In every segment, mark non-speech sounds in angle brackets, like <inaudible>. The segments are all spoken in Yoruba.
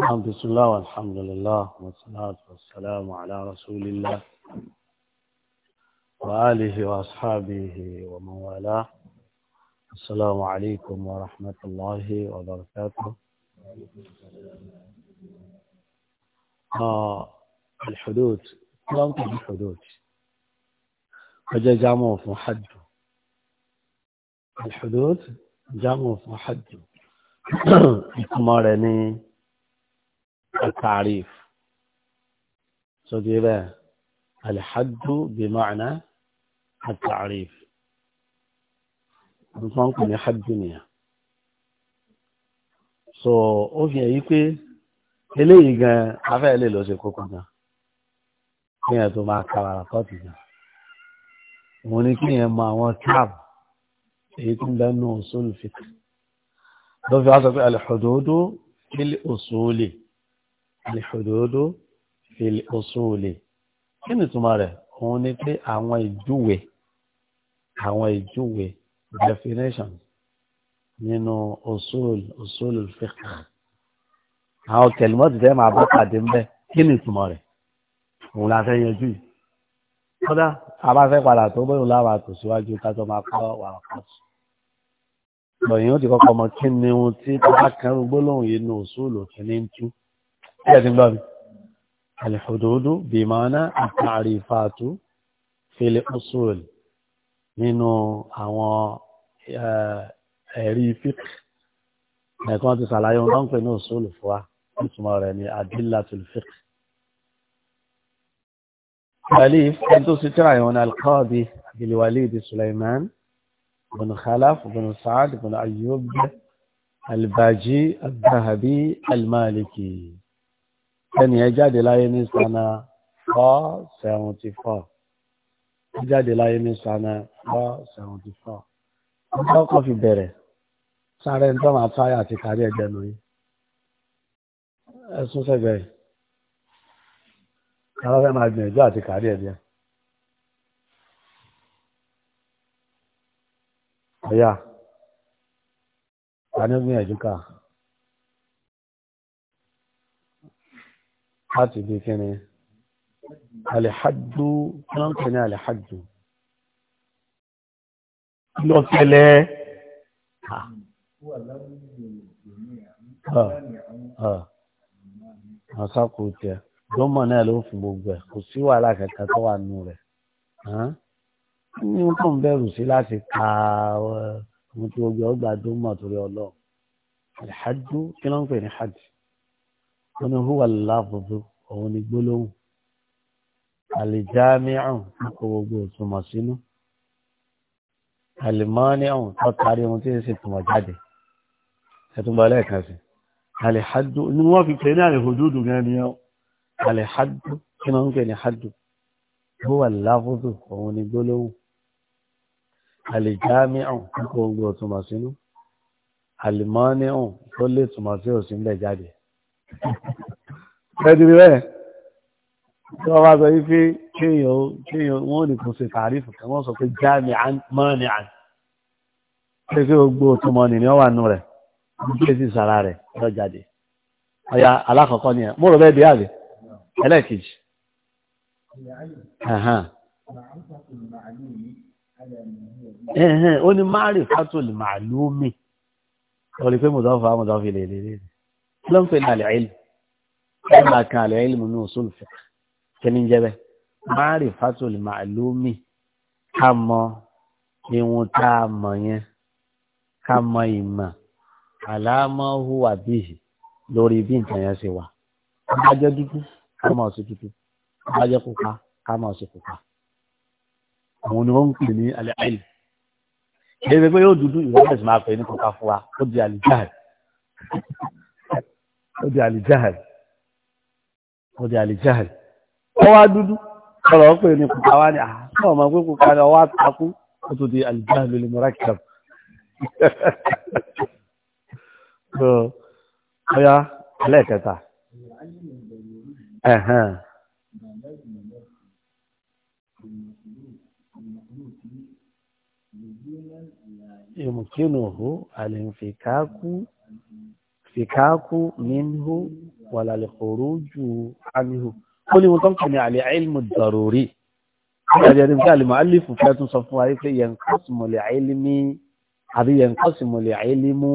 نعم، بسم الله والحمد لله والصلاة والسلام على رسول الله وآله وأصحابه ومن والاه السلام عليكم ورحمة الله وبركاته آه الحدود كلام طيب الحدود وجاء جامعه في محد الحدود جامعه في محد <coughs> كما التعريف سجيبا الحد بمعنى التعريف ممكن حد دنيا so ó fi hàn yí pé eléyìí gan afẹ́ lè lọ ṣe kókó gan kíyàn tó máa ka wàrà kọ́ọ̀tù gan òun ni kíyàn mọ àwọn tab èyí tó ń bẹ́ẹ̀ nù usul fiqh ló wá sọ pé al-hududu fil usuli alihududu fil usuli kí ni ìtumọ̀ rẹ̀ òun ni pé àwọn ìjúwe àwọn ìjúwe definition nínú usul usul fiqh àwọn kẹlímọ́tì tẹ́ máa bá pàdé ń bẹ́ kí ni ìtumọ̀ rẹ̀ òun la fẹ́ yanjú yìí kódà a bá fẹ́ padà tó bóyá láwa tò síwájú ká máa kọ́ wàrà kọ́sù lọ́yìn ó ti kọ́kọ́ mọ kí ni ohun tí bàbá kan gbólóhùn yìí ní usul òkè ní ń tú ẹ̀sìn gbọ́ mi. Al-hududu bí mọ́nà àtàrífàtú fil usul nínú àwọn ẹ̀rí fíkì. Ẹ̀kan ti ṣàlàyé wọn bá ń pè ní usul fún wa, ìtumọ̀ rẹ̀ ni adillatul fiqh. الأليف أنتو سترايون القاضي بالوليد سليمان بن خلف بن سعد بن أيوب الباجي الذهبي المالكي ẹni ẹ jáde láyé ní sana four seventy four ó jáde láyé ní sana four seventy four ọjọ́ kan fi bẹ̀rẹ̀ sáré ń tọ́mà táyà àti kárí ẹgbẹ́ lórí ẹ̀sùn sẹ́gbẹ́ yìí káwọn fẹ́ máa gbìyànjú àti kárí ẹgbẹ́ ọ̀yà ta ni ó gbìyànjú káà. láti bí kíni alìhájú kí wọ́n ń pè ní alìhájú lọ́sẹ̀lẹ̀ àṣàkò tiẹ̀ lọ́mọ̀ náà ló fún gbogbo ẹ̀ kò sí wàhálà kankan tó wà nù rẹ̀ ní wọn kàn bẹ̀rù sí láti ka ọmọ eh, tí gbogbo ọgbà dúnmọ̀ torí ọlọ́run alìhájú kí wọ́n ń pè ní hajj wọn ni húwà láfùfù òun ni gbólóhùn àlìjámíọ̀n kó gbogbo òtúmọ̀ sínú àlìmọ́níọ̀n tó tarí ohun tí ń sì túmọ̀ jáde ẹtùmọ̀ lẹ́ẹ̀kan sí àlìhádù ni wọ́n fi pè ní àlìhòdúdù gan ni ọ́ àlìhádù kí ni wọ́n ń pè ní hádù húwà láfùfù òun ni gbólóhùn àlìjámíọ̀n gbogbo òtúmọ̀ sínú àlìmọ́níọ̀n tó lè túmọ̀ sí òsínbẹ̀ jáde ẹ̀dì rẹ̀ tí wọ́n bá sọ yí pé kéèyàn wọ́n ní kò ṣe tààrífù kí wọ́n sọ pé jáàmì mọ́ọ̀nì àn pé kí gbogbo òtúmọ̀ nì ní ọ̀wà nù rẹ̀ gbé sí sara rẹ̀ lọ jáde ọ̀yà alákọ̀ọ́kọ́ ni ẹ̀ mo rò bẹ́ẹ̀ di àbí ẹlẹ́ẹ̀kejì. ó ní máàrí fátólì màálùmí ọ̀rẹ́ pé mùsọ̀fà mùsọ̀fì lè lè lè ló ń pè ní àlẹ́ ìlú ẹ máa kan àlẹ́ ìlú ní usul fiqh kí ni jẹ́ bẹ́ẹ̀ ma'rifatul ma'lumi ká mọ ihun tá a mọ̀ yẹn ká mọ ìmọ̀ àlámọ́ hùwà bíi lórí bí nǹkan yẹn ṣe wà bá jẹ́ dúdú ká mọ̀ sí dúdú bá pupa ká mọ̀ sí pupa àwọn ni wọ́n ń pè ní àlẹ́ ìlú èyí pé yóò dúdú ìwọ́n ẹ̀sìn máa pè ní pupa fún wa ó di àlùjáde. ودي علي جهل ودي علي جهل هو دودو قالوا اكو ني قواني اه ما كوكو قالوا وات اكو ودي الجهل المركب هو يا لا تتا اها يمكنه الانفكاك fìkákú minhu wàlàlẹ̀ kòrójù amihu ó ní wọn tó ń pè ní àlẹ́ àìlmù dọ̀rọ̀rí ìgbàdí ẹni pé àlùmọ́ alifu fẹ́ tún sọ fún wa pé yẹn kọ́ sí mọ̀lẹ̀ àìlímí àbí yẹn kọ́ mọ̀lẹ̀ àìlímú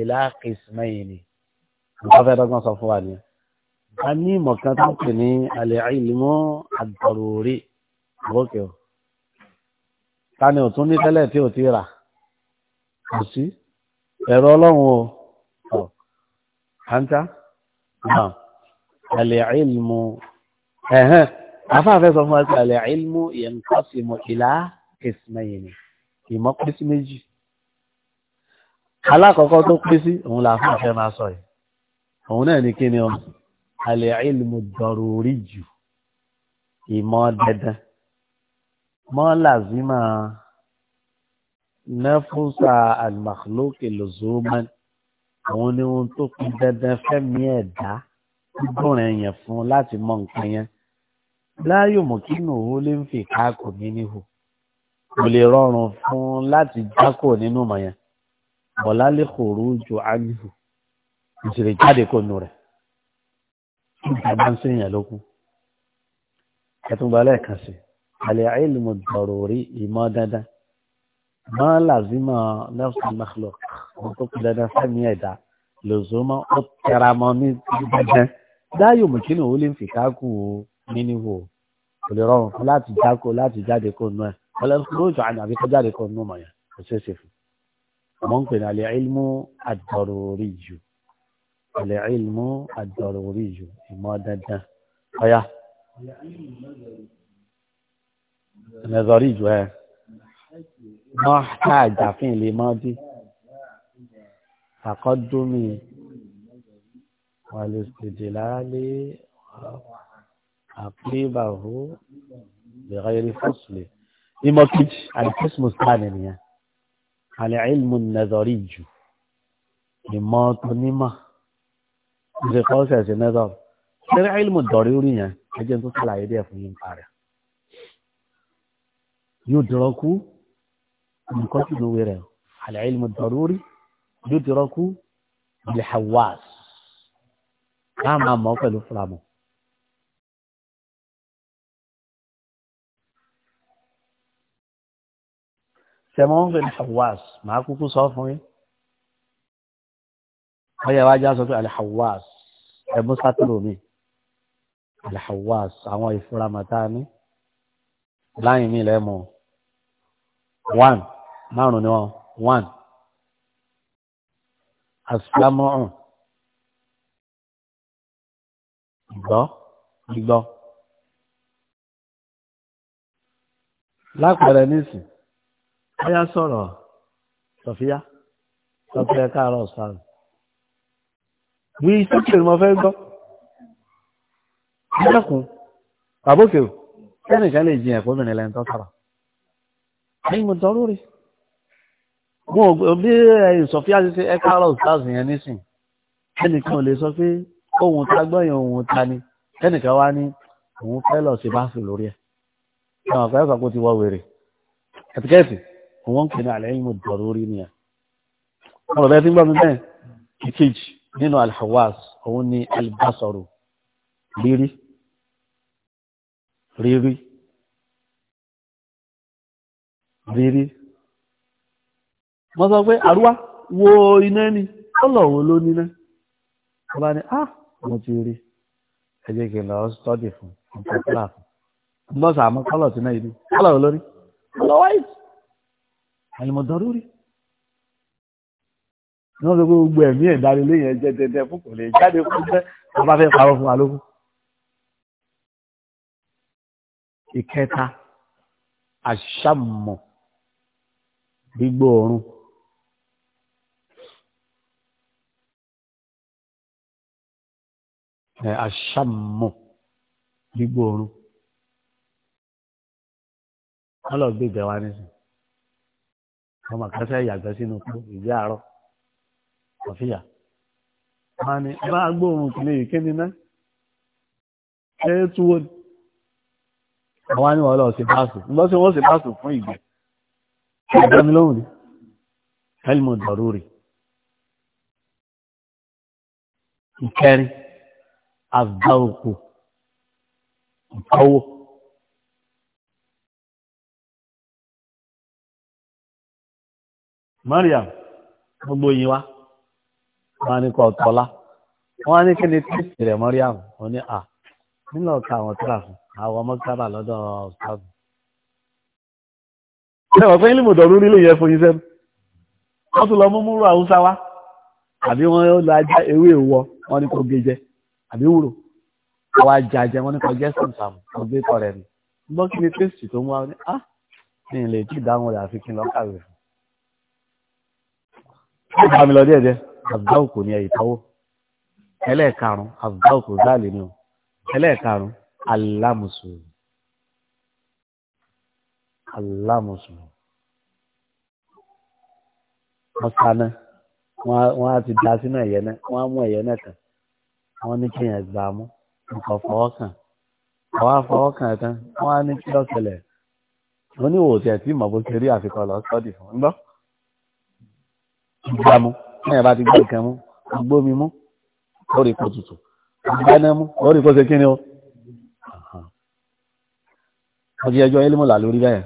ìlà kìsìmẹ́yìn ni nǹkan fẹ́ dọ́gbọ́n sọ fún wa ni a ní mọ̀kan tó ń pè àìlímú àdọ̀rọ̀rí lókè o ta ni ò tún ní tẹ́lẹ̀ tí ò ti rà kò sí ẹ̀rọ ọlọ́run o hanta naam al-ilmu ẹ̀hẹ́n afáfẹ́ sọ fún wa sí al-ilmu yanqasimu ila qismayn ìmọ̀ pín sí méjì alákọ̀ọ́kọ́ tó pín sí òun là fún ìfẹ́ máa sọ yìí òun náà ní kí ni ọ al-ilmu daruri jù ìmọ̀ dandan mọ́ làzima nẹ́fúnsà al-makhluqi àwọn ni ohun tó fi dandan fẹ́mi ẹ̀dá gbígbọ́n rẹ̀ yẹn fún láti mọ nǹkan yẹn láyò mọ̀kínú owó lè ń fi káàkó mi níhò kò lè rọrùn fún láti jákò nínú mọ̀ yẹn bọ̀lá lè kòrò ju ánìhò ìṣẹ̀lẹ̀ jáde kò nù rẹ̀ nígbà bá ń sèyàn lókun ẹ̀túngbà lẹ́ẹ̀kan sí àlẹ́ àìlùmọ̀ dọ̀rọ̀ rí ìmọ̀ dandan mọ́ làzímọ̀ nafsul makhluq àwọn tó kù dandan fẹ́mi ẹ̀dá lòzómọ́ ó tẹra mọ́ ní dandan dáyò mùkínú ó lè fi káàkù nínú kò lè rọrùn fún láti jáko láti jáde kó nù ẹ ọlọ́dúnrún àná àbí kó jáde kó nù mọ̀ yẹn kò ṣeé ṣe fún ọmọ ń pè ní alẹ́ ilmú àdọ̀rọ̀rí jù alẹ́ ilmú àdọ̀rọ̀rí jù ìmọ̀ dandan ọ̀yà nàzọ̀rí jù ẹ mọ́ àjà fún ilé mọ́ dín. تقدمي والاستدلال عقيبه بغير فصل لمكج القسم الثاني العلم النظري لما تنمى ṣe kọ́ ṣẹ̀ṣẹ̀ mẹ́ta ṣẹ́rẹ́ àìlùmọ̀ dọ̀rí orí yẹn ẹjẹ́ tó ṣàlàyé díẹ̀ fún yín parí. yóò dọ̀rọ̀ kú nǹkan tó lówó rẹ̀ àlẹ́ àìlùmọ̀ dọ̀rí orí yudiraku bilhawas ká máa mọ̀ pẹ̀lú fúlàmù. sẹ́mọ́n bilhawas màá kúkú sọ fún yín ọyẹ wa já sọ pé alhawas ẹ̀mú sátúrò mi alhawas àwọn ìfúramọ̀tá ni láyìn mi lẹ́mọ̀ one márùn-ún ni wọ́n one asámọ́ọ̀n ìgbọ́ ìgbọ́ lápẹẹrẹ nísìn bóyá sọ̀rọ̀ sọ̀fíà sọ̀fíà káàárọ̀ sáré wí sókè mo fẹ́ gbọ́ ẹlẹ́kùn bàbókè ẹnìkan lè jiyàn pé obìnrin lẹ́ńtọ́ sára ẹ̀yìn mo tọ́ lórí mo bí ìsọ̀fíà eh, ṣe ṣe ẹ́kárọ̀ ìsáàsì yẹn nísìn ẹnìkan ò lè sọ pé ohun ta gbọ́yìn ohun ta ni ẹnìkan wá ní òun fẹ́ lọ sí báàsì lórí ẹ̀ ẹ̀wọ̀n àfẹ́ sọ pé ti wọ wèrè ẹ̀tíkẹ́ẹ̀tì òun ń pè ní àlẹ́ ìmọ̀ dọ̀rọ̀ orí ni ẹ̀ ọ̀rọ̀ bẹ́ẹ̀ tí ń gbọ́ mi bẹ́ẹ̀ ìkejì nínú alhawas òun ni alibasaru rírí rírí rírí wọ́n sọ pé àrúwá wo iná ni ọlọ́wọ́ ló níná wọ́n bá ní á ah, mo ti rí ẹ jẹ́ kí n lọ stọ́dì fún ọ̀pọ̀ class bọ́sà àmọ́ kọ́lọ̀ tí náà yìí kọ́lọ̀ wo lórí kọ́lọ̀ white àyìnbọ̀dọ́rú rí ní wọ́n sọ pé gbogbo ẹ̀mí ẹ̀dáre léyìn ẹjẹ́ dẹdẹ fún kò lè jáde fún jẹ́ ọba fẹ́ parọ́ fún wa lókun. ìkẹta àṣàmọ̀ gbígbó oorun aṣáàmù gbígbóorun wọn lọ gbé ìgbẹ́ wa nísìn ọmọ kan fẹ́ yàgbẹ́ sínú kú ìgbé àárọ̀ kọfíà wọn ni bá a gbóorun kìnìún yìí kí ni ná ẹ túwó ni àwọn ni wọn lọ sí báàsù ń bọ́ sí wọn sí báàsù fún ìgbẹ́ ìgbẹ́ mi lóhùn ni helmut daruri ìkẹrin àgbàòkù ìpawó. Mariam gbogbo yín wá wọ́n ní kọ tọlá wọ́n ní kí ni tíìsì rẹ Mariam wọ́n ní à nínú ọkà àwọn tíra fún àwọn ọmọ sábà lọ́dọ̀ ọsàbù. ṣé wọ́n fẹ́ ilé ìmọ̀dọ̀ rúrí ló yẹ fún yín sẹ́nu wọ́n tún lọ mú múrú àwùsá wá àbí wọ́n lọ ajá ewé ìwọ wọ́n ní kò gé jẹ́ àbí wúrò àwa jàjẹ wọn nípa jẹsùn sàmù ọgbẹ tọrẹ ni gbọ́ kí ni kristi tó ń wá ní á ah, ní ilé tí ìdáhùn rẹ̀ àfi kí n lọ kàwé fún un. bá mi lọ díẹ̀ díẹ̀ àbúdá òkò ní ẹ̀yìn tọ́wọ́ ẹlẹ́ẹ̀karùn-ún àbúdá òkò dáàlì ni o ẹlẹ́ẹ̀karùn-ún alámùsù alámùsù sáná wọ́n á ti da sínú ẹ̀yẹ náà wọ́n á mú ẹ̀yẹ náà kàn wọ́n ní kí yẹn gbà mú nǹkan fọwọ́ kàn ọwọ́ afọwọ́ kàn tán wọ́n á ní kí lọ́sẹ̀lẹ̀ wọ́n ní òòtí ẹ̀ tí mọ̀ ṣe rí àfikọ́ lọ sọ́ọ̀dì fún un gbọ́. gbà mú náà bá ti gbé nǹkan mú gbó mi mú ó rí kó tutù gbẹ́ná mú ó rí kó ṣe kíni o. ọjọ́ ẹjọ́ ilé mọ̀lá lórí bẹ́ẹ̀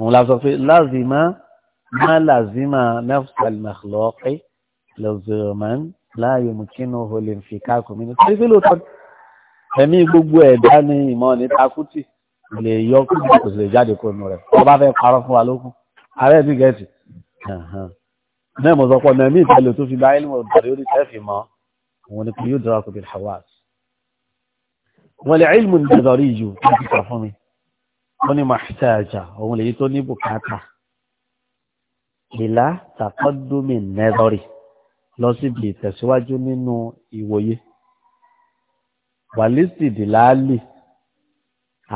òun la sọ pé lázìmá má lázìmá nafsal makhluqi lọ́zọ̀mọ́ni láàyè mú kí náà olè fi káàkó mi ní torí pé lóòótọ́ ẹ̀mí gbogbo ẹ̀dá ní ìmọ̀ ní takútì lè yọ kó kò sì lè jáde kó nu rẹ̀ tó bá fẹ́ parọ́ fún wa lókun ààrẹ ti gẹ̀ẹ́sì náà mo sọ pé ọ̀nà míì tẹ́lẹ̀ tó fi gba ilé bẹ̀rẹ̀ orí tẹ́fì mọ́ òun ni kò yóò dọ́ra kò bí hawaas wọn lè ilmu ní ìdọ̀rí yìí ó ti kà fún mi ó ní màṣíṣàjà òun lè yí tó ní bùkátà ìlà tàkọ́dúnmí nẹ́dọ́rì lọ síbi ìtẹ̀síwájú nínú ìwòye wàlísìdìláàlì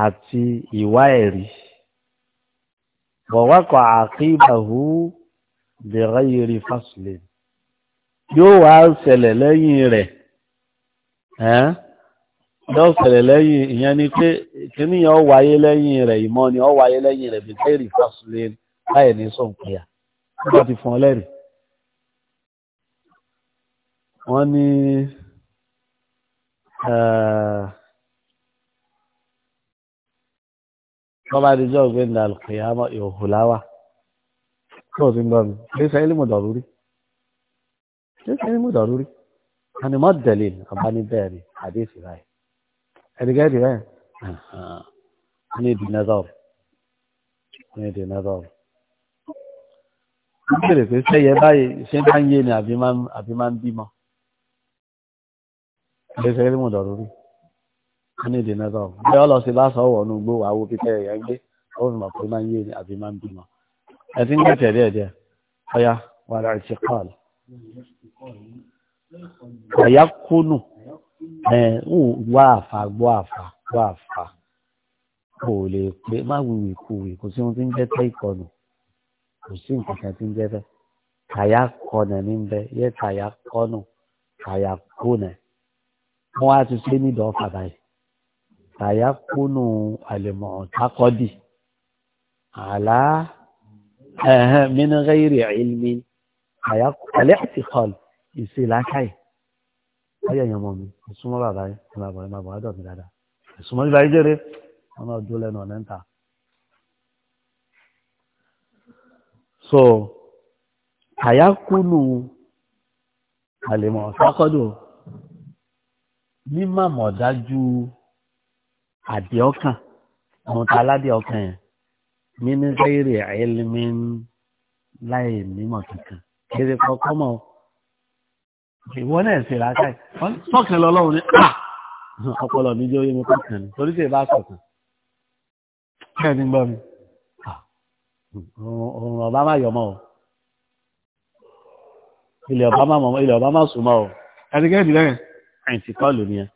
àti ìwá ẹ̀rí wọ̀wákọ̀ àkíbàhú bẹ̀rẹ̀ yìí fásilẹ̀ yóò wá ṣẹlẹ̀ lẹ́yìn rẹ̀ ẹ́n yóò ṣẹlẹ̀ lẹ́yìn ìyẹn ni pé kíní yẹn ó wáyé lẹ́yìn rẹ̀ ìmọ̀ ni ó wáyé lẹ́yìn rẹ̀ bẹ̀rẹ̀ yìí fásilẹ̀ láì ní sọ̀npẹ̀yà wọ́n ti fún ọ lẹ́rìí wọ́n ní tọ́ba adijọ́ ọ̀gbẹ́ni alùpùpù ìhòhùláwà tó ti ń gbọ́ mi kí sẹ́yìn lè mú dọ̀rú rí kí sẹ́yìn mú dọ̀rú rí ànìmọ́ dẹ̀lẹ̀ àbánibẹ́ẹ̀rẹ̀ àdéhìí ráì ẹ̀dìgẹ́dì rẹ̀ ní ìdí nẹ́dọ̀rù ní ìdí nẹ́dọ̀rù ó bèrè pé sẹ́yẹ báyìí ṣé máa ń yé ni àbí máa ń bímọ ṣe rí mọ̀dọ̀ lórí wọn ní ìdènà tó bí ọ lọ sí bá sọ̀wọ́ ọ̀nù gbó wàá wo pípẹ́ ẹ̀yà ń gbé ó fi mọ̀ pé máa ń yé ni àbí máa ń bímọ ẹ ti ń gbẹ̀tẹ̀ díẹ̀ díẹ̀ ọya wà láì ṣe kọ́ọ̀lù ọ̀yá kúnù ẹ̀ ń wá àfà gbọ́ àfà gbọ́ àfà kò lè pé má wùwì kùwì kò sí ohun tí ń jẹ́ ìkọlù kò sí nǹkan kan tí ń jẹ́ bẹ́ẹ̀ kọ́nà ní bẹ́ẹ̀ yẹ tàyà kọ́nù tàyà kọ́nà wọ́n wá ti ṣe nídọ̀ọ́ pàtàkì tàyà kúnú àlèmọ̀ takọ́dì àlá mínúgáyìrì ìlmi àlẹ́ àti hall ìṣe làákàyè ayé èèyàn mọ̀ mi ìsúnmọ́ bàbá yìí bàbá yìí bàbá dọ̀ mí dáadáa ìsúnmọ́ bíbá yìí jẹ́rẹ́ wọn náà dúró lẹ́nu ọ̀nà ń ta. so tàyà kúnú àlèmọ̀ takọ́dì o mímọ̀mọ̀ dájú àdé ọkàn àwọn tá aládé ọkàn yẹn mínísírì àìlímí láì mímọ̀ kankan kéré kọ́kọ́ mọ̀ ìwọ náà ṣe làákàyè sọ́kàn lọ́lọ́run ní à ah! ọpọlọ mi jẹ́ oyún kọ̀ọ̀kan ni torí ṣe bá sọ̀kan kẹ́ ẹ̀ ní gbọ́ mi òun ah! ọba má yọ̀ mọ́ o ilẹ̀ ọba má sùn mọ́ o ẹnikẹ́ni lẹ́yìn àìsí kọlù ni ẹ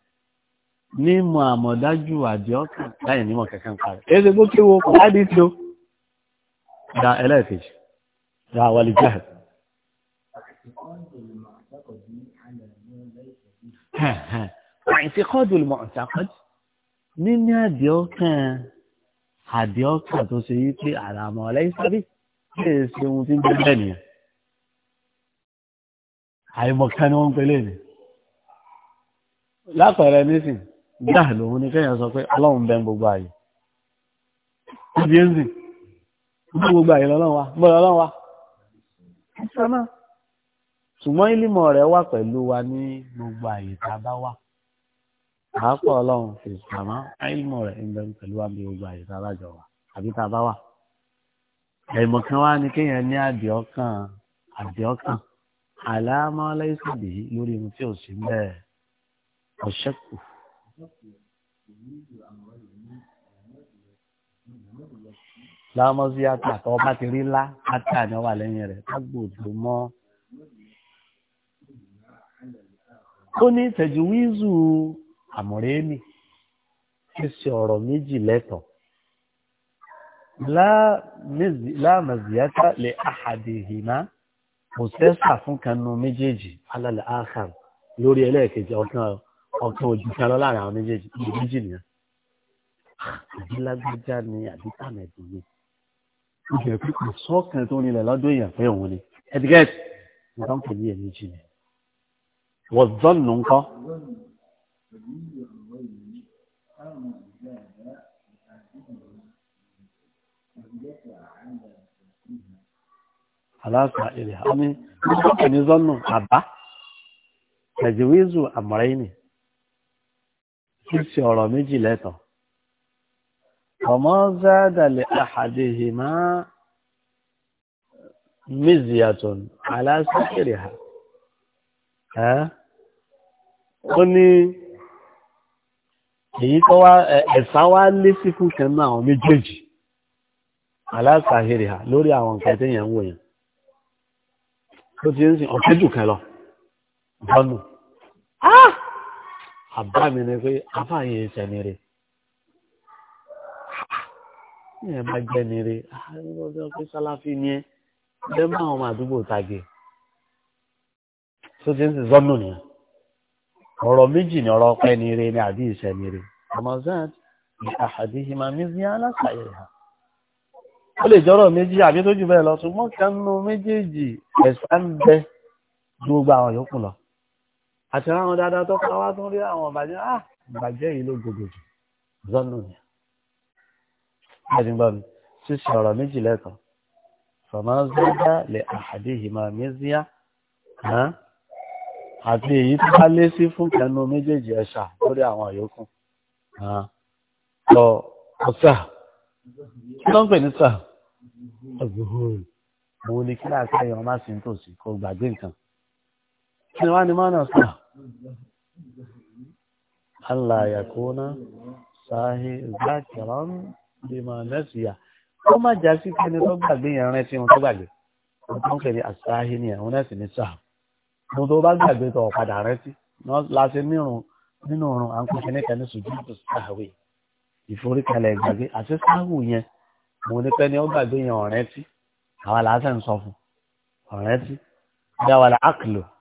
ní mọ àmọ̀dájú àdìọ́kà láyé nímọ̀ kankan parí ẹgbẹ́ bó kéwò kò láti tó da ẹlẹ́ẹ̀kejì da wàlì jáhẹ̀ àìsí kọ́dù lè mọ̀ ọ̀sàkọ́jì níní àdìọ́kà àdìọ́kà tó ṣe yí pé àràmọ̀ ọ̀lẹ́yìn sábì lè ṣe ohun tí ń bẹ́ẹ̀ nìyẹn àìmọ̀ká ni wọ́n ń pelé nìyẹn lápẹẹrẹ nísìn dáà lòun ni kẹ́yàn sọ pé ọlọ́run bẹ gbogbo ààyè ibi ń sìn ní gbogbo ààyè lọ́lọ́run wa gbọ́dọ̀ ọlọ́run wa ṣọ́nà ṣùgbọ́n ìlímọ̀ rẹ̀ wà pẹ̀lú wa ní gbogbo ààyè tá a bá wà pàápàá ọlọ́run fi àmọ́ ìlímọ̀ rẹ̀ ń bẹ pẹ̀lú wa ní gbogbo ààyè tá a bá jọ wà àbí tá a bá wà ẹ̀mọ̀ kan wá ní kéèyàn ní àdìọ́kàn àdìọ́kàn àlámọ́ lẹ́sìn lórí ohun tí ò sí bẹ́ẹ̀ ọ̀ṣẹ́kù. láàmọ́sí ata tó bá ti rí lá ata ni wà lẹ́yìn rẹ̀ lágbòdo mọ́. ó ní tẹ̀júwízù àmọ̀rẹ́mì kí ṣe ọ̀rọ̀ méjì lẹ́tọ̀ọ́. láàmọ̀síyáta lè àhàdìhìmá kò sẹ́sà fún kanú méjèèjì alálẹ̀ áhàn lórí ẹlẹ́ẹ̀kejì ọ̀kan ọ̀hún ọ̀kan òjìká lọ láàrin àwọn méjèèjì méjì nìyẹn àbí ni àbí tàmẹ̀dù ni ìbẹ̀rẹ̀ pé kò sọ́ọ̀kan tó nílẹ̀ lọ́dún èèyàn pé òun ni ẹ̀dígẹ́t nǹkan pè ní ẹ̀ ni wọ́n zọ́ọ̀nù ńkọ́. aláàfà èrè àmì nígbà pè ní zọ́ọ̀nù àbá tẹ̀jìwézù àmọ́rẹ́yìn kí sì ọ̀rọ̀ méjì lẹ́tọ̀ ọmọ zádàlẹ̀ àhàdìhìmá miziyatun aláṣẹ́kẹ̀rẹ̀ ha ẹ́ ó ní èyí tó wá ẹ̀sán wá lé sí fún kẹ́nà àwọn méjèèjì aláṣàhìrì ha lórí àwọn nǹkan tí èèyàn ń wòyàn tó ti ń sin ọ̀kẹ́jù kan bọ́nù àbá mi ni pé afáàyè ìṣẹ̀ni rè ní ẹ̀ bá jẹ́ni rè ọjọ́ pé sáláfì ni ẹ bẹ́ẹ̀ máa ọmọ àdúgbò tagè tó ti ń sì zọ́nù nìyẹn ọ̀rọ̀ méjì ni ọ̀rọ̀ ọpẹ́ ni rè ni àbí ìṣẹ̀ni rè ọmọ zan ni àhàdìhìmá mi ní aláṣàyè rà ó lè jọ́rọ̀ méjì àbí tó jù bẹ́ẹ̀ lọ ṣùgbọ́n kan nínú méjèèjì ẹ̀sán bẹ gbogbo àwọn yòókù lọ àti àwọn dáadáa tó ká wá tó rí àwọn ìbàjẹ́ ah ìbàjẹ́ yìí ló gbogbo jù ni ẹ̀dùnbà mi ṣíṣe ọ̀rọ̀ méjì lẹ́kan fọmọ́sọ́dá lè àhàdé ìmọ̀ mẹ́síá àti èyí tó bá lé sí fún kẹnu méjèèjì ẹ̀ṣà lórí àwọn àyókù lọ ọ̀sà kí ló ń pè ní sà ọ̀gbọ̀n òun ni kí láàkà èèyàn má sí nítòsí kó gbàgbé nǹkan kí ni wá ní mọ́nà sọ aláyàkóná sáhé zákìrán bímọ nẹ́sìyà ó má já sí kí ni tó gbàgbé yẹn rẹ sí wọn tó gbàgbé wọn tó ń kẹ̀lé àsáhé ni àwọn nẹ́sì ní sáà mo tó bá gbàgbé tó ọ̀padà rẹ sí láti nírun nínú ọ̀run à ń pèsè níta ní sùjúdù sáhàwé ìforíkalẹ̀ gbàgbé àti sáhù yẹn òun ni pé ni ó gbàgbé yẹn ọ̀rẹ́ tí àwa làásẹ̀ ń sọ fún ọ̀rẹ́ tí bí àwa là á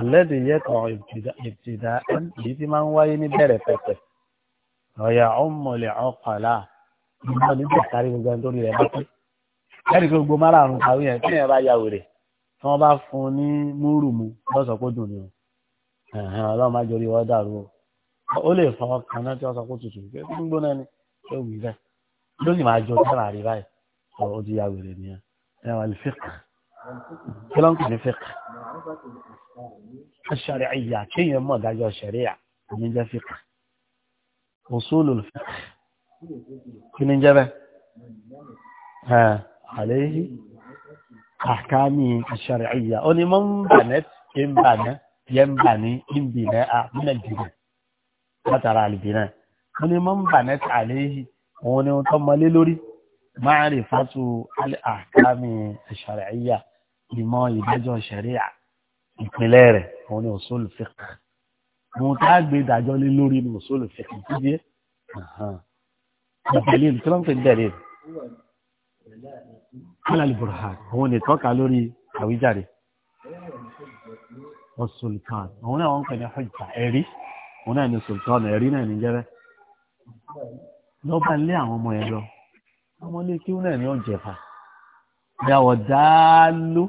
الذي يقع kọ̀ ìbtìdá èyí tí máa ń wáyé ní bẹ̀rẹ̀ pẹ̀pẹ̀ ọ̀yà ọmọlẹ̀ ọkọ̀lá ìgbà níbi ìkárí gbogbo ẹni tó rí rẹ̀ bá pé lẹ́yìn tó gbogbo mara àrùn kàwé yẹn tí yẹn bá ya wèrè tí wọ́n bá fún un ní múrù mu lọ́sọ̀ kó dùn ní o ọlọ́run máa jọrí wọ́n dàrú o ó lè fọ́ kaná tí wọ́n sọ kó tutù kí ó gbóná ni ó wì rẹ̀ ló sì máa jọ tẹ́lá rí báyìí ó ti ya wèrè nìyẹn ẹ̀ wọ́n lè fẹ́ẹ̀kì kí ló ń kàn ní fẹ́ẹ̀kì aṣàríyà kéèyàn mọ̀ dájọ́ ṣẹ̀ríyà ní jẹ́ fíkà usulul fiqh kí ní jẹ́ bẹ́ àléhì àkámi aṣàríyà ó ní mọ́ ń bànẹ́ kí ń bànẹ́ yẹ́ ń bà ní ìbìnẹ́ àmìnà jìnà látara àlìbìnà ó ní mọ́ ń bànẹ́ àléhì òun ni wọ́n tọ́ mọ́lé lórí máa rí fásù àkámi aṣàríyà ìmọ̀ ìdájọ́ ṣẹ̀ríyà ìpínlẹ̀ rẹ̀ òun ni òṣòlù fẹ́kà òun tá a gbé ìdájọ́ lé lórí ni òṣòlù fẹ́kà dídí ẹ̀ ìdẹ̀lẹ́ kí ló ń pè dẹ̀lẹ́ alali burha òun ni tọ́ka lórí àwíjàre òṣòlù kan òun náà wọ́n pè ní ọjà ẹ̀rí òun náà ni sultan ẹ̀rí náà ní jẹ́rẹ́ lọ lé àwọn ọmọ yẹn lọ ọmọ lé kí wọn náà ní ọ̀jẹ̀fà ìyàwó dáálù.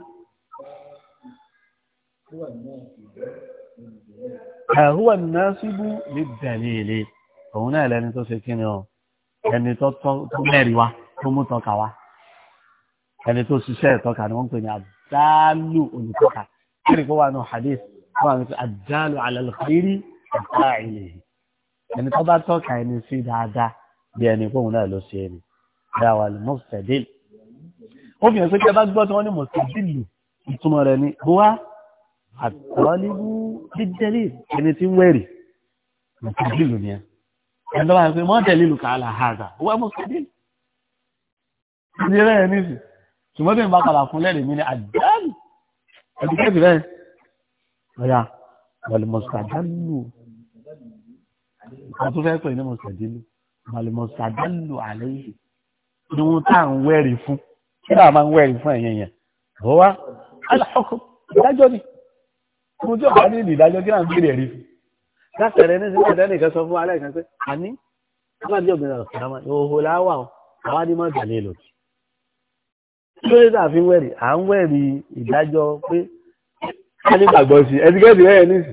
Àhúwà náà síbú ní dẹ̀lẹ̀lẹ̀, òun náà lẹni tó ṣe kíni ọ, ẹni tó mẹ́rin wá, tó mú tọ́ka wá. Ẹni tó ṣiṣẹ́ ìtọ́ka ni wọ́n pè ní àdálù olùtọ́ka. Kírì kó wà ní hadith, wọ́n wà ní àdálù alàlùkírí ọ̀tá ilé. Ẹni tó bá tọ́ka ẹni sí dáadáa bí ẹni kóhun náà ló ṣe ni. Dáwà lè mọ̀ Ó fi hàn pé bá gbọ́ tí wọ́n ní mọ̀ ìtumọ̀ rẹ̀ ni, bó wá àtọ́líbú jíjẹ́lì ẹni tí ń wẹ̀rì mùsùlùmí ni ẹ ẹ̀dọ́ wa pé mọ́tẹ̀lì lùkà àlàhàdà wọ́n mọ̀ kàdé ìdílé ẹ̀ nísì ṣùgbọ́n bí n bá padà fún lẹ́rìí mi ni àdáàlù ẹ̀dùn kẹ́sì rẹ̀ ọ̀yà mọ̀lùmọ̀sàdálù a tún fẹ́ pè ní mọ̀sàdálù mọ̀lùmọ̀sàdálù àlẹ́ yìí ni wọ́n tá à ń wẹ̀rì fún kí làwọn máa ń wẹ̀rì fún ẹ̀yẹ̀yẹ̀ bọ́wá alákọ̀ọ́ ìdájọ́ ni fún tí ọ̀gá nílì ìdájọ́ kí náà ń bèèrè rí látẹ̀rẹ̀ ní sílẹ̀ ẹ̀dẹ́ nìkan sọ fún alẹ́ kan pé àní aláàbí ọ̀gbìn àkàràmà ìhòhò láwà ọ̀ àwọn adìmọ̀ ìdàlẹ́ lò kí ló dé tà fi wẹ̀rì à ń wẹ̀rì ìdájọ́ pé a ní gbàgbọ́ sí ẹ ti gẹ́gẹ́ bẹ́ẹ̀ ní sí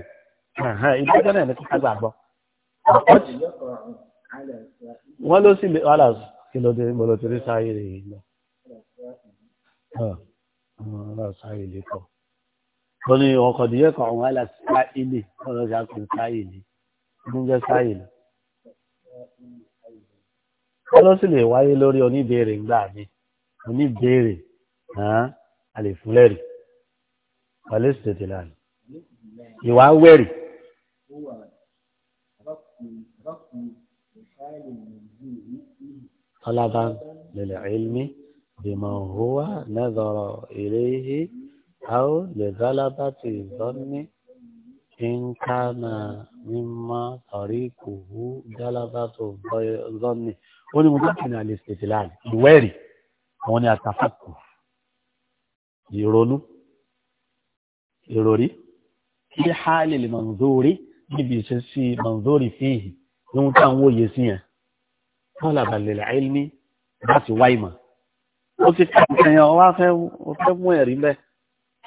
ìdájọ́ náà ní ká gbàgbọ́. wọ́n ló sì lè wàhálà kí dé mo lọ sáyé rè é lọ ó ní ọkọ̀dìyẹ kan wà láṣà ilé ọ̀rọ̀ ṣe àpè sáyìlì ló ń jẹ́ sáyìlì. ọlọ́ sì lè wáyé lórí oníbèrè ńgbà mi oníbèrè àlèfúnlẹ̀rì wàlẹ́ sì tètè lánàá ìwà ń wẹ̀rì. طلبا للعلم بما هو نظر إليه أو لغلبة الظن إن كان مما طريقه غلبة الظن هو ممكن الاستدلال الواري هو التفكر يرونو يروري في حال المنظور بيسسي منظوري فيه يوم كان هو يسيا طلبا للعلم بس وايما ó كان ká ìkẹyàn wá fẹ́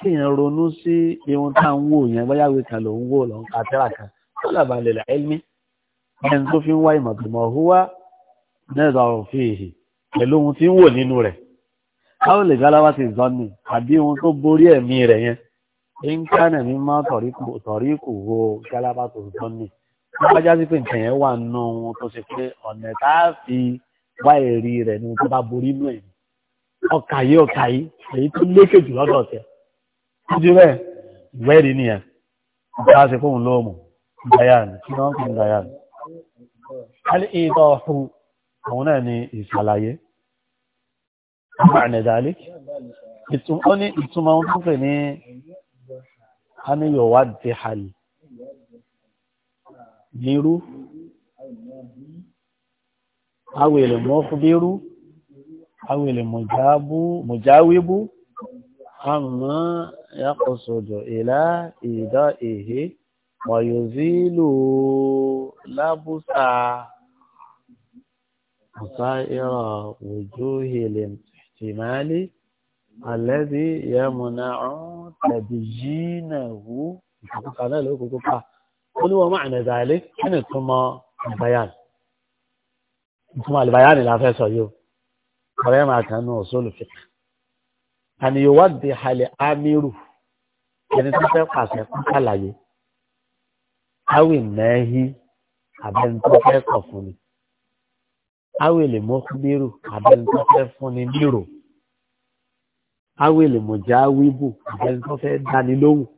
kí n ronú sí ihun tá à ń wò yẹn bóyá wí kan ló ń wò ló ń ka tẹ́ra kan tó làbà lè là ẹ́lmí ẹni tó fi ń wá ìmọ̀ tó mọ̀ húwá nẹ́ẹ̀dọ̀ ọ̀rọ̀ fi èhì pẹ̀lú ohun tí ń wò nínú rẹ̀ káwọn lè gáláwá ti zọ́nì àbí ohun tó borí ẹ̀mí rẹ̀ yẹn ìǹkanà mi máa tọ̀rí kù wo gálábà tó tọ́ ní lápájá sí pé nǹkan yẹn wà nù ohun tó ṣe pé ọ̀nà tá a fi wá èrì rẹ̀ ni tó bá borí nù ẹ̀ ọkà yìí ọkà yìí èyí tó lékè jù lọ́dọ̀ ọ̀tẹ̀ ojú rẹ̀ ìwẹ́rí nìyẹn bá ṣe fóun lóòmù dayan kí wọ́n kí n dayan alìdọ́ọ̀hù àwọn náà ni ìsàlàyé mọ̀nẹ̀dálí ó ní ìtumọ̀ ohun tó pè ní aníyọ̀wá dìhàlì nírú awèlè mọ́fúbírú awèlè mọ̀jáwébú àmọ́ يقصد إلى إيدائه ويزيل لبس سائر وجوه الاحتمال الذي يمنع تبجينه قل ومعنى ذلك أن ثم البيان ثم البيان لا فيسا يو كما كان أصول الفقه أن يوضح لأميره ẹni tó fẹ́ pàṣẹ fún kàlàyé awì mẹ́hí abẹ́ni tó fẹ́ kọ̀ fún ni awì lè mọ́ fún bírò abẹ́ni tó fẹ́ fún ni bírò awì lè mọ̀ já wíbù abẹ́ni tó fẹ́ dání lóhùn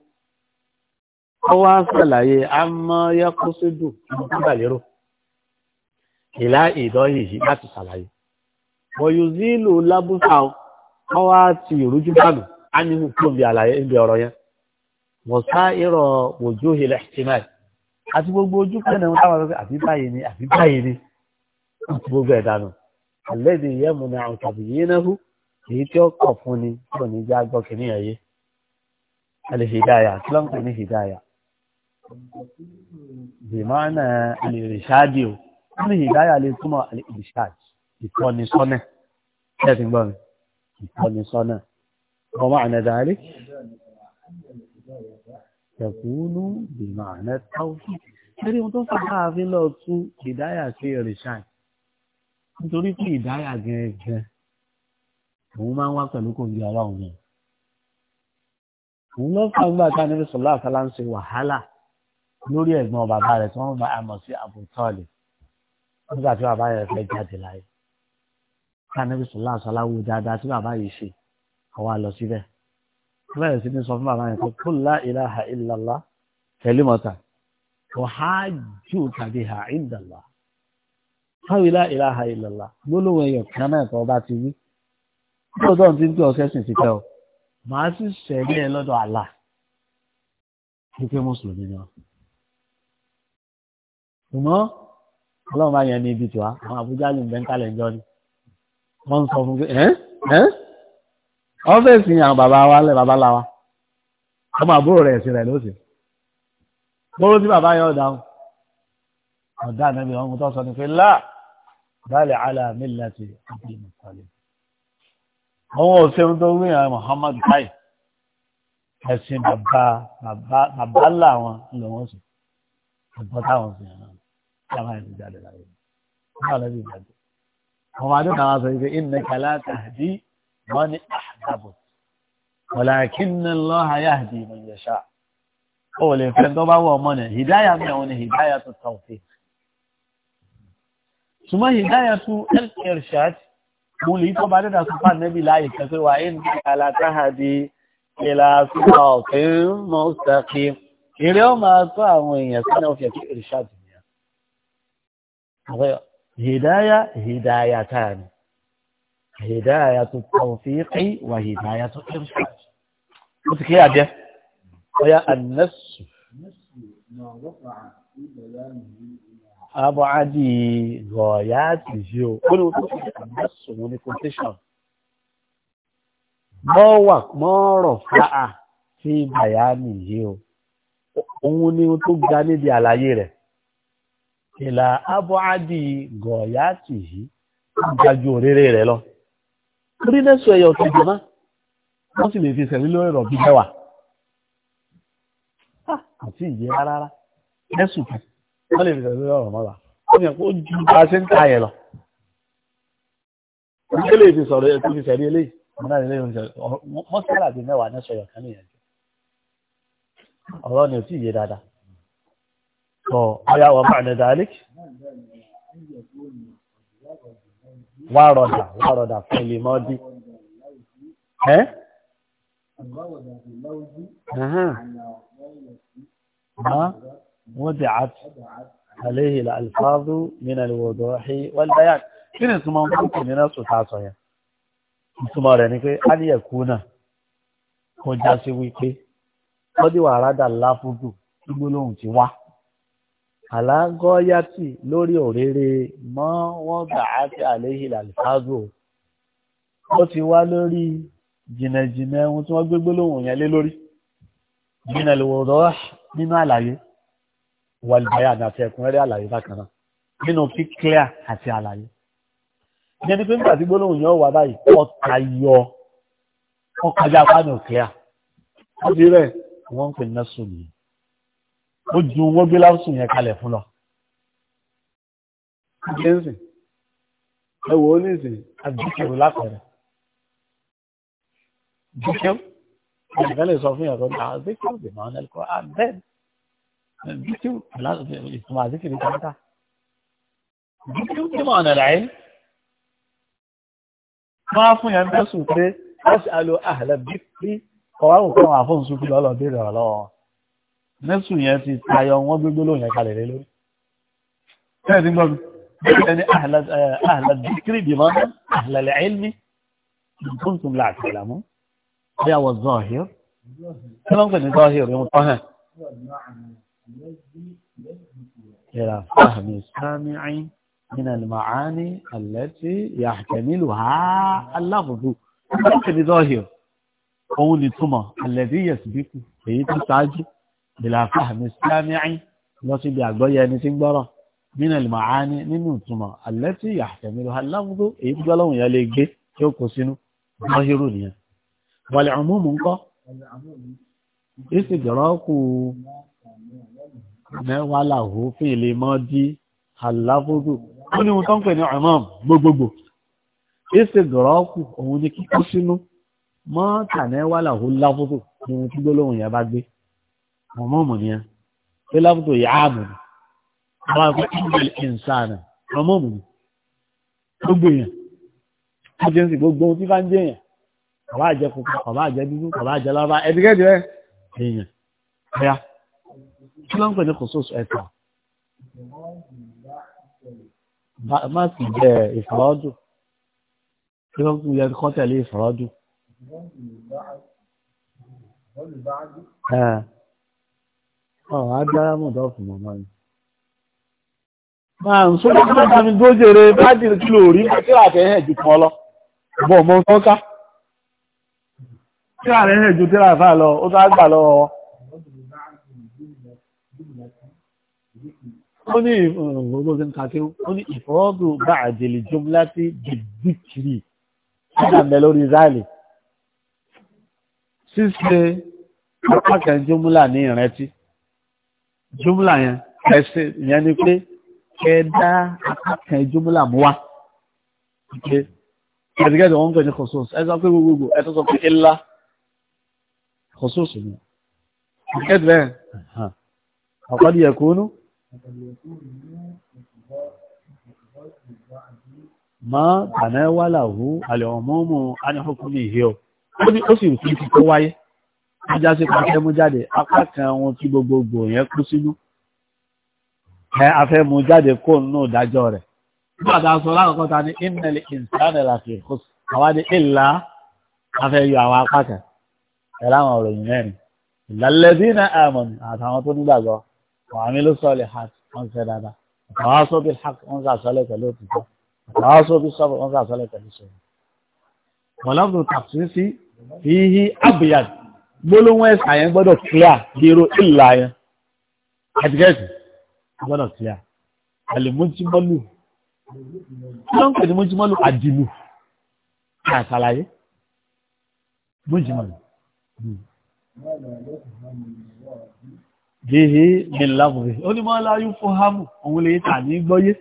ọwọ́ àṣàlàyé amáyákóṣódù nígbà lérò ìlà ìdọ́yìn yìí láti ṣàlàyé wọ̀nyí zílù lábúfà ọwọ́ àti ìrújú dànù á ní kó ń àlàyé ń bi ọ̀rọ̀ yẹn wọ̀sá ìrọ̀ òjò ìlẹ̀ ìtìmáì àti gbogbo ojú pẹ̀lú táwọn ọ̀rọ̀ àbí báyìí ni àbí báyìí ni àti gbogbo ẹ̀dá nù àlẹ́dì ìyẹ́mu ni àwọn tàbí yìí náà hù èyí tí ó kọ̀ fún ni tí ò ní já gbọ́ kìíní ẹ̀yẹ alẹ́ hìdáyà kí ló ń pè ní hìdáyà bìmọ́nà alìrìṣáàdì o wọ́n ní hìdáyà lè túmọ̀ alìrìṣáàdì ìtọ́nisọ́nà tẹ̀kúnú bìmọ̀ àná táwọ́sì lórí ohun tó fà káàfin lọ tú ìdáyà sí rìṣàn nítorí pé ìdáyà gẹ́gẹ́ òun máa ń wá pẹ̀lú kò ní ọlọ́run yẹn òun ló fà gbà ká níbi sọ̀lá àkàlà ń ṣe wàhálà lórí ẹ̀gbọ́n bàbá rẹ̀ tí wọ́n bá a mọ̀ sí àbùtọ́ọ̀lì nígbà tí bàbá rẹ̀ fẹ́ jáde láyé ká níbi sọ̀lá àṣọlá wo dáadáa tí bàbá yìí ṣe àwa lọ síbẹ̀ bẹ́ẹ̀ sí ní sọ fún bàbá yẹn pé kul la ilaha illallah kalimata ọ̀hájú tàbí ha ìdàlá káwí la ilaha illallah gbólóhùn ẹ̀yọ̀ kan náà tó bá ti wí lóòótọ́ ti ń pè ọ̀sẹ̀ sìn síkẹ́ o màá sì sẹ̀rí ẹ lọ́dọ̀ àlà wípé mùsùlùmí ni wọn. ṣùgbọ́n ọlọ́run bá yẹn ní ibi tiwa àwọn àbújá lè ń jọ ni wọ́n ń sọ fún pé ẹ́ ẹ́ ọ́fẹ́sì àwọn bàbá wa lẹ́ bàbá la wa ọmọ àbúrò rẹ̀ ẹ̀sìn rẹ̀ ló sì gbóró tí bàbá yọ̀ dáhùn ọ̀dà nàbí wọn mú tó sọ ní pé là dálẹ̀ aláàmì láti abdul mutalib àwọn òṣèlú tó wí àwọn Muhammad kai ẹ̀sìn bàbá bàbá là wọn ló wọ́n sì ẹ̀gbọ́n táwọn sì yàn náà láwọn ẹ̀sìn jáde láyé wọn lọ́ọ́ bí ìbàdí àwọn adé kan wá sọ yìí pé ìnìkàlá tàdí wọ́n ní àdàbò walakinna Allaha yahdi man yasha ó lè fẹ́ tó bá wọ ọmọ náà hìdáyà mi àwọn ni hìdáyà tó tàn fi ṣùgbọ́n hìdáyà tó al-irshad mo lè tó bá dẹ́dà sọ́fà nẹ́bí láàyè kan wà á ń bí ọ̀fẹ́ هداية التوفيق وهداية الإرشاد قلت يا ده ويا النفس عدي غايات الجو قلوا النفس ونكونتشن ما وق ما رفع في بيان الجو òun ni ohun tó ga níbi àlàyé rẹ̀ ìlà abọ́ ádì gọ̀ọ́yá tì yìí ga ju òréré rẹ̀ lọ torí lẹ́sùn ẹ̀yọ̀ kejì má wọ́n sì lè fi sẹ̀rí lórí ọ̀rọ̀ bí mẹ́wàá àti ah, ìyẹ́ rárá lẹ́sùn kan wọ́n lè fi sẹ̀rí lórí ọ̀rọ̀ mọ́wàá wọ́n yẹ kó ju bá a ṣe ń ta yẹ lọ. ìdílé lè fi sọ̀rọ̀ ẹ̀ fi sẹ̀rí eléyìí wọ́n náà lè bí mẹ́wàá lẹ́sùn ẹ̀yọ̀ kan nìyẹn ọ̀rọ̀ ni wárọ̀dà wárọ̀dà fún ilé mọ́dí. ẹ́ wọ́n ti àt àléhì alfáàdù nínú ìwòdó ọ̀hí wọ́lbáyà kí ni túnmọ̀ fún kò nínú sùtà sọ yẹn ìtumọ̀ rẹ̀ ni pé a ní ẹ̀kú náà kó já sí wípé wọ́n dí wàhálà láfúdù gbígbólóhùn ti wá àlágọ́yàtì lórí òrèrè mọ́ wọ́n gbà á sí àléhìn àlìfáàgò ó ti wá lórí jìnnàjìnnà ohun tí wọ́n gbé gbólóhùn yẹn lé lórí jìnnà lòwòrọ́ nínú àlàyé wàlùbáyà àti ẹ̀kúnrẹ́rẹ́ àlàyé bákan náà nínú kíkíà àti àlàyé ìyẹn ni pé nígbà tí gbólóhùn yẹn wà báyìí ọ̀tà yọ ọkàjá pánì òkèà ó ti rẹ̀ wọ́n ń pè ní násùn nìyí ó ju owó gbé láwùsù yẹn kalẹ̀ fún lọ. ẹ wò ó nísìnyí àdúkìrù lápẹẹrẹ dúkìrù ẹnìkan lè sọ fún yàtọ̀ ní àwọn dúkìrù dè máa ń lẹ́kọ̀ọ́ àbẹ́ dúkìrù ìtumọ̀ àdúkìrù kàńtà dúkìrù dè máa ń rà yín. máa fún yàn bẹ́sùn pé wọ́n alo àhàlẹ́ bí kọ́wáwò kan àfọ̀nsùn fi lọ́lọ́ béèrè ọ̀lọ́wọ́ wọn nẹ́sù yẹn ti tayọ wọ́n gbégbé lóun yẹn kalẹ̀ lé lórí. bẹ́ẹ̀ ni gbọ́dọ̀ bẹ́ẹ̀ ni àhàlà dìkírì dìmọ́ àhàlà lẹ́ẹ̀lmi nǹkan láti ìlàmú bẹ́ẹ̀ wọ zọ́ọ̀hìr kí ló ń pè ní zọ́ọ̀hìr ìwọ̀n tọ́ hàn. إلى فهم السامع من المعاني التي يحتملها اللفظ ممكن ظاهر قول ثم الذي يسبق èyí tó ṣáájú bìlàfà mi sáàmìí lọ síbi àgbọ́yẹ ẹni tí ń gbọ́rọ̀ nínú ìmọ̀áni nínú ìtumọ̀ alẹ́ tí àtẹ̀mílò aláwùdó èyí tí gbọ́lọ́hùn yẹn lè gbé tí ó kó sínú lọ́hírù nìyẹn wàlẹ̀ ọ̀múmù ńkọ́ ìsìdọ̀rọ́kù mẹ́wàá làwọ̀ fún ilé mọ́ di aláwùdó ó ní wọn tó ń pè ní ọ̀mọ́m gbogbogbò ìsìdọ̀rọ́kù òun ni kíkó sínú mọ́ tànẹ́wàá làwọ̀ láwùdó ni wọn tí gbọ́lọ́hùn yẹn bá gbé àwọn mọ́mù ni ẹ pé lábùtò yáàmù ni àwọn àgbẹ̀ ìgbìl ìnsánà àwọn mọ́mù ni gbogbo èèyàn tó jẹ́ sí gbogbo ohun tí bá ń jẹ́ èèyàn kàbá àjẹ pupa kàbá àjẹ dúdú kàbá àjẹ lábá ẹ̀dígẹ́dì rẹ̀ èèyàn ẹ̀yà kí ló ń pè jẹ ìfọ̀rọ̀dù kí ló ń pè ọ̀ agbára mọ̀dọ́ fún mọ̀mọ́ ni máa ń sọ́dọ̀ tó bá mi tó jèrè bájì kí ló rí tí àtẹ̀ hẹ̀ jù kan lọ bọ̀ mọ́ tó ká tí àrẹ̀ hẹ̀ jù tí ràfà lọ ó tó àgbà lọ́wọ́ wọn. ó ní ìfọwọ́gbọ́ sí kakéwú ó ní ìfọwọ́gbọ́ bá àjèlè jọmọlá sí dìdìkìrì nígbà mẹ́ lórí záàlì ṣíṣe apá kan jọmọlá ní ìrètí jùmùlà yẹn ẹ̀sìn ìyẹn ni pé kẹ dá akẹ́kẹ́ jùmùlà mú wa pé ẹ̀dìgẹ́dì wọn ń pè ní kòsòsì ẹ̀ sọ pé gbogbogbò ẹ̀ tó sọ pé ńlá kòsòsì ni ẹ̀dìgẹ́dì bẹ́ẹ̀ ọ̀kọ́dì yẹ kúnú ma bàná wà láhùú àlẹ́ ọ̀mọ́mọ́ àníhókùnmí ìhẹ́ ọ ó sì ń fi kó wáyé ajá sí pàṣẹ mú jáde apá kan ohun tí gbogbogbò yẹn kú sínú ẹ afẹ́ mú jáde kó nínú ìdájọ́ rẹ̀ nígbà tá a sọ lákòókò ta ni ìmẹ̀lì ìsìlánì láti èkó àwa ni ìlà afẹ́ yọ àwọn apá kan ẹ láwọn ọ̀rọ̀ yìí mẹ́rin ìlàlẹ́bí náà àmọ̀nì àtàwọn tó nígbàgbọ́ wàmí ló sọ lè hàt wọn fẹ́ dáadáa àtàwọn sọ bí hàt wọn sà sọlẹ̀ pẹ̀lú òtítọ́ àtàwọn sọ bí sọ́bù wọn sà sọlẹ̀ pẹ̀lú sọ́bù gbólóhùn ẹ̀sà yẹn gbọ́dọ̀ clear dèrò ìlà yẹn ẹ̀dígẹ́sì gbọ́dọ̀ clear àlèmójúmọ́lù kí ló ń pè ní mójúmọ́lù àdìlù kí a ṣàlàyé mójúmọ́lù. Bihi min lafzi. Ó ní mọ́lá yóò fún hámù, òun lè tà ní gbọ́yé.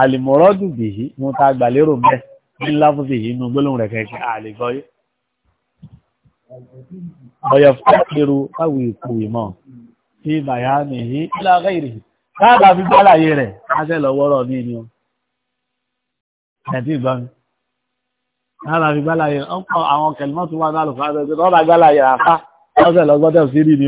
Àlìmọ́rọ́dù bihi, mo ta gbàlérò bẹ́ẹ̀, min lafzi yìí inú gbólóhùn rẹ̀ kẹ̀kẹ́ àlè gbọ́yé ọ̀yọ̀fẹ́kìrú káwì ìkú ìmọ̀ tí bàyámi yí lára ìrì káàbà fi gbálàyé rẹ̀ ájẹ́ lọ́wọ́rọ̀ ní ni ó ẹ̀dí ìgbọ́n káàbà fi gbálàyé ọkọ̀ àwọn kẹlìmọ́ tó wà lálùkọ́ àti ọba gbálàyé àfá ọ̀sẹ̀ lọ́gbọ́dọ̀ sí rí ni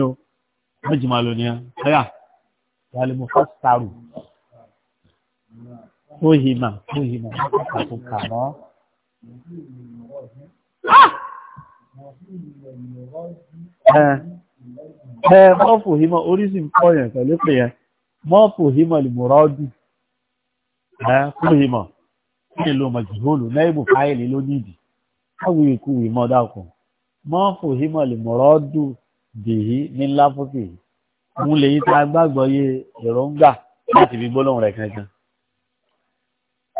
ẹ mọ́fù hímọ̀ oríṣi nǹkan yẹn pẹ̀lú pé yẹn mọ́fù hímọ̀ lìmọ̀rọ́dù ẹ fún hímọ̀ ní ìlú mọ̀jìhólù náírà fáìlì ló nídìí káwé ikú ìmọ̀ dákun mọ́fù hímọ̀ lìmọ̀rọ́dù bìhí ní láfọ́fì mú lè yí tá a gbàgbọ́ yé èròǹgbà láti fi gbólóhùn rẹ̀ kankan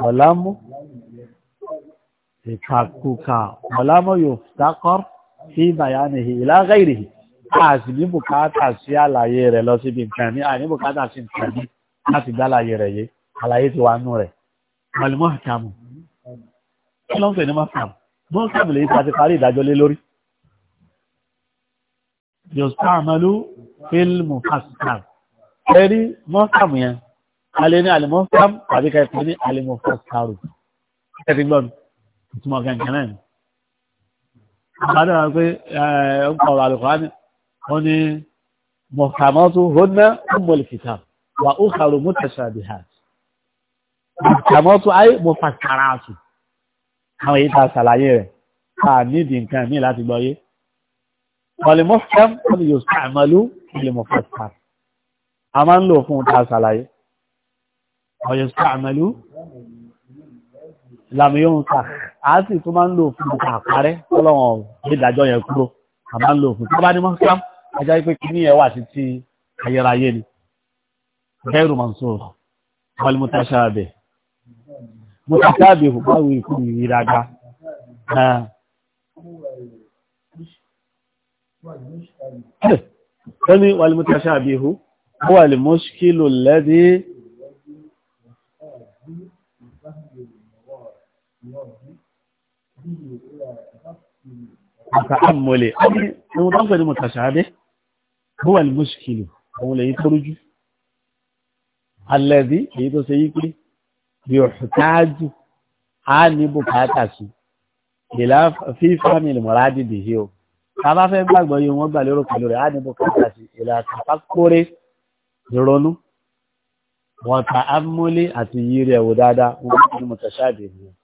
ọ̀làmú ìkàkùkà ọ̀làmú yóò dákọ́rù sí bayanihi ila ghairihi a sì ní bùkátà sí àlàyé rẹ̀ lọ síbi nǹkan ní àní bùkátà sí nǹkan ní láti dá àlàyé rẹ̀ yé àlàyé ti wà nù rẹ̀ mọ̀lẹ́mọ́ àkàmù kí ló ń pè ní mọ́kàmù mọ́kàmù lè ta ti parí ìdájọ́ lé lórí yọ̀stáàmàlú fílmù fásitàm ẹ̀rí mọ́sàmù yẹn alẹ́ ní alìmọ́sàm tàbí kẹfẹ́ ní alìmọ́sàmù ẹ̀rí gbọ́n ìtumọ̀ gẹ̀ǹgẹ̀ náà àbádọ́ wọn pé ọkọ̀ àlùkọ́ni wọn ni mọ̀kàmọ́tò hóná mọ̀lìkìtà wà ó kàrò mutashabihat mọ̀kàmọ́tò ayé mọ̀fàkàràtù àwọn èyí tá a ṣàlàyé rẹ̀ ká nídìí nǹkan míì láti gbọ́ yé mọ̀lìmọ́fẹ́m wọn yóò sàmọ́lú mọ̀lìmọ́fẹ́kàrà a máa ń lò fún tá ṣàlàyé ọ̀yọ̀ sàmọ́lú làmúyọ̀ ń sàkà a sì tún máa ń lò fún nǹkan àparẹ́ ọlọ́wọ́n ìdájọ́ yẹn kúrò a máa ń lò fún tó bá ní mọ́sílám ajá pé kí ní ẹwà sí ti ayérayé ni bẹ́ẹ̀rù mansour wal mutashabih mutashabih báwo ikú ìraga ó ní wal mutashabih huwa al mushkilu alladhi àtàmọ́lé ohun tó ń pè ní mọ̀tàṣàádé bó wà ní mọ́ṣíkìlù ohun lè yí tó rújú alẹ́bí èyí tó ṣe yí pé bí ọ̀ṣùtáájú a ní bùkátà sí ìlà fífàmì ìmọ̀ra dìde yìí o ta bá fẹ́ gbàgbọ́ yìí wọ́n gbà lérò pẹ̀lú rẹ̀ a ní bùkátà sí ìlà àtàkórè ìrònú wọ̀tàmọ́lé àti yí rẹ̀ wò dáadáa ohun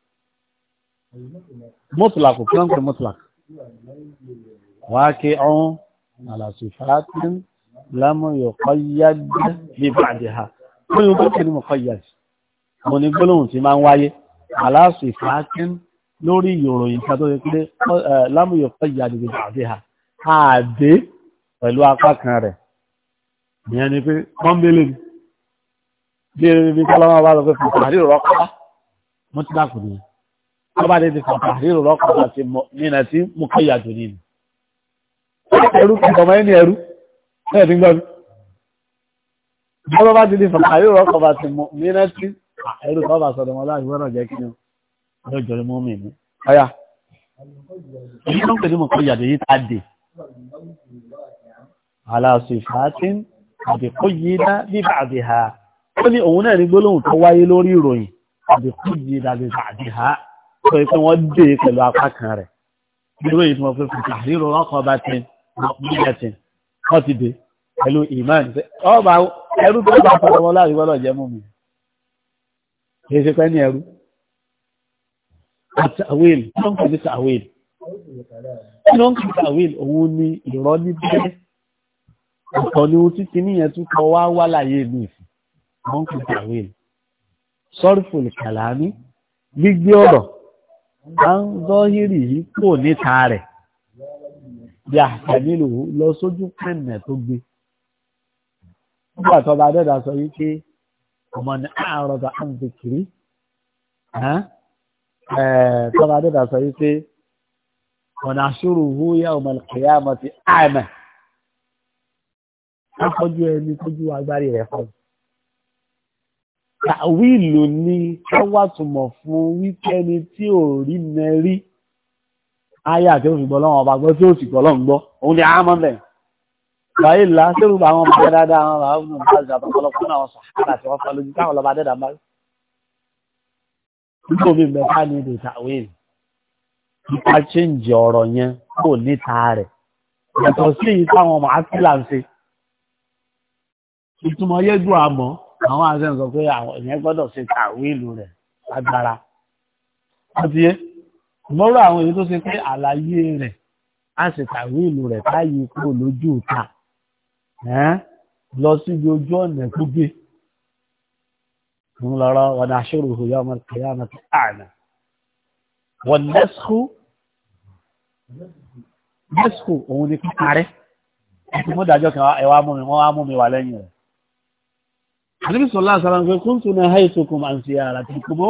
mọ́tòlákù kí wọ́n ń pè mọ́tòlákù wàá ké ọ̀hún àlàsùfàátì lámọ̀yọ̀ kọ́yájú bí bàjẹ́ ha wọ́n yóò gbé kiri mọ̀ kọ́yájú mo ní gbólóhùn tí máa ń wáyé àlàsùfàátì lórí ìròyìn kan tó yẹ pé lámọ̀yọ̀ kọ́yájú bí bàjẹ́ ha àdé pẹ̀lú apá kan rẹ̀ ìyẹn ni pé pọ́ńbélé ni bí ebi kọ́lọ́mọ́ bá lọ pé fún àdéhùn rọ́pá mọ́tòlákù nìyẹn ọba ní ti kọ̀ọ̀kà rírò lọ́kọ̀ọ́ àti nínà tí mú kọ́yà tó nínú. ẹrú kọ̀ọ̀mọ́ ẹni ẹrú bẹ́ẹ̀ ní gbọ́n. ọba bá ti ní kọ̀ọ̀kà rírò lọ́kọ̀ọ́ àti nínà tí ẹrú kọ́ bá sọ̀rọ̀ wọn láàrin wọ́n jẹ́ kí ni ọjọ́ ìjọ mú mi ní. ọ̀yà èyí ló ń pè ní mú kọ́yà tó yí ta dè. aláṣọ ìfàátí àbíkó yìí dá bíbá àbí ha ó ní òun náà ní gbólóhùn tó wáyé lórí ìròyìn àbíkó yìí dá bíbá àbí ha sọ pé wọ́n dé pẹ̀lú apá kan rẹ̀ irú èyí tí wọ́n fẹ́ fi tàhírò ọkọ̀ bá ti nígbà tí wọ́n ti dé pẹ̀lú ìmáàlì pé ọba ẹrú tó bá fọwọ́ wọn láàrin wọ́n lọ jẹ́ mú mi kì í ṣe pẹ́ ní ẹrú àtàwéèl ló ń pè ní tàwéèl ló ń pè ní òun ni ìrọ́ ní bẹ́ẹ̀ ọ̀tọ̀ ni ohun títí níyẹn tún kọ wá wá láyé mi ló ń pè sọ́rífù kàlámì gbígbé ọ̀rọ̀ à ń zọ́hírì yìí kò níta rẹ̀ bí àtàlílò lọ sójú pẹ̀nẹ̀ tó gbé nígbà tó bá dẹ́dà sọ yìí pé ọmọ ní àárọ̀dà à ń zikiri tó bá dẹ́dà sọ yìí pé ọ̀nà àṣírò owó yá ọmọ ìkẹyà àmọ́ ti àmà ẹni kọjú agbárí rẹ̀ fọ́ọ̀mù tàwíìlù ni káwà túmọ̀ fún wípẹ́ni tí ò rí mẹ́rí ayé àti òfìgbọ́ lọ́wọ́ ọba gbọ́ tí ó sì gbọ́ lọ́wọ́ gbọ́ òun ni àmọ́ bẹ̀ báyìí ńlá sẹ́rù àwọn ọmọ dáadáa àwọn bàbá ọmọ bá jà bàbá ọlọ́pàá náà sọ àkàrà tí wọ́n fọ́ lójú káwọn lọ́ba dẹ́dà bá rí. nígbà mi mẹ́fà ni èdè tàwíìlù nípa ṣéǹjì ọ̀rọ̀ yẹn kò níta rẹ̀ yàtọ̀ sí ìtàwọn màá àwọn àṣẹ sọ pé àwọn èèyàn gbọ́dọ̀ ṣe tàwíìlù rẹ̀ lágbára àti yé mọ́rọ̀ àwọn èyí tó ṣe pé àlàyé rẹ̀ á ṣe tàwíìlù rẹ̀ táyì kúrò lójú ìta lọ síbi ojú ọ̀nà gbígbé ń lọ́rọ́ wọn aṣọ́rò òyà ọmọ kẹyà ọmọ tí àná wọn lẹ́sùkú lẹ́sùkú òun ni kíkarẹ́ ẹ̀sìn mọ́dájọ́ kan ẹ̀wà mú mi wọ́n wá mú mi wà lẹ́yìn rẹ̀ àdébí sọlá àsàlà ń pẹ kún tún náà háì tókùn máa ń fi ara ti kú bó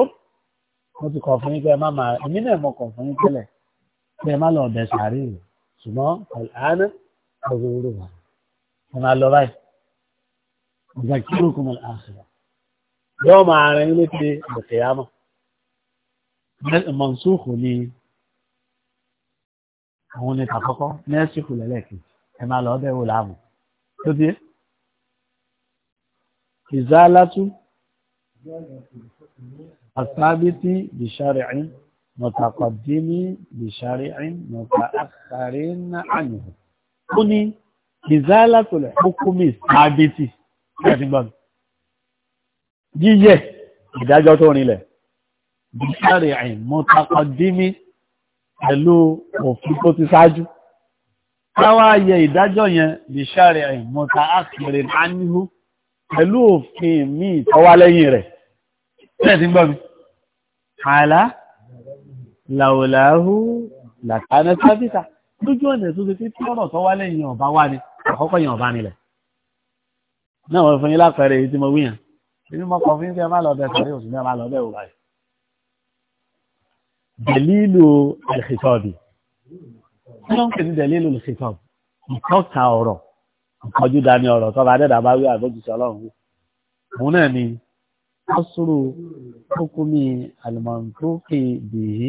mo ti kọ fún yín pé ẹ má máa èmi náà mo kọ fún yín tẹ́lẹ̀ pé ẹ má lọ ọbẹ sàárè rẹ ṣùgbọ́n àánú ọgbẹ wúlò wà ẹ máa lọ báyìí ọgbà kí ló kún mọ àṣìlá yóò máa rẹ yín létí ọkẹ yá mọ ni àwọn oníta kọ́kọ́ nẹ́ẹ̀sì lẹ́lẹ́kì ẹ máa lọ ọbẹ̀ wò láàmú tó dé ìzálátú asábítí bìṣàrí'ín mọ̀tàkọ̀dímí bìṣàrí'ín mọ̀tàkàrín ànìyàn ó ní ìzálátú lẹ̀ hukumi sábítí kẹ́ẹ̀dígbọ́n yíyẹ ìdájọ́ tó rinlẹ̀ bìṣàrí'ín mọ̀tàkọ̀dímí pẹ̀lú òfin tó ti ṣáájú káwá yẹ ìdájọ́ yẹn bìṣàrí'ín mọ̀tàkàrín ànìyàn pẹ̀lú òfin mi ìtọ́wá lẹ́yìn rẹ̀ tẹ́ẹ̀ tí ń gbọ́ mi ààlá làwòláhù làkánà sábìtà lójú ọ̀nà tó ti fi tí ọ̀rọ̀ tọ́wá lẹ́yìn ọ̀bá wà ní àkọ́kọ́ yẹn ọ̀bá nílẹ̀ náà wọ́n fún yín lápẹẹrẹ èyí tí mo wíyàn inú mọ́kọ̀ fún yín má lọ má lọ bẹ òwúrọ̀ yìí dẹ̀lílù alìkìtọ́bì kí ló ń pè ní dẹ̀lílù alìkìtọ́bì ìtọ́ka ọ̀rọ̀ ọjú dání ọ̀rọ̀ tọ́ba adẹ́dà bá wí àgbójúṣe ọlọ́run wí òun náà ni asúrù ókúmi àlùmọ̀ntókè bìí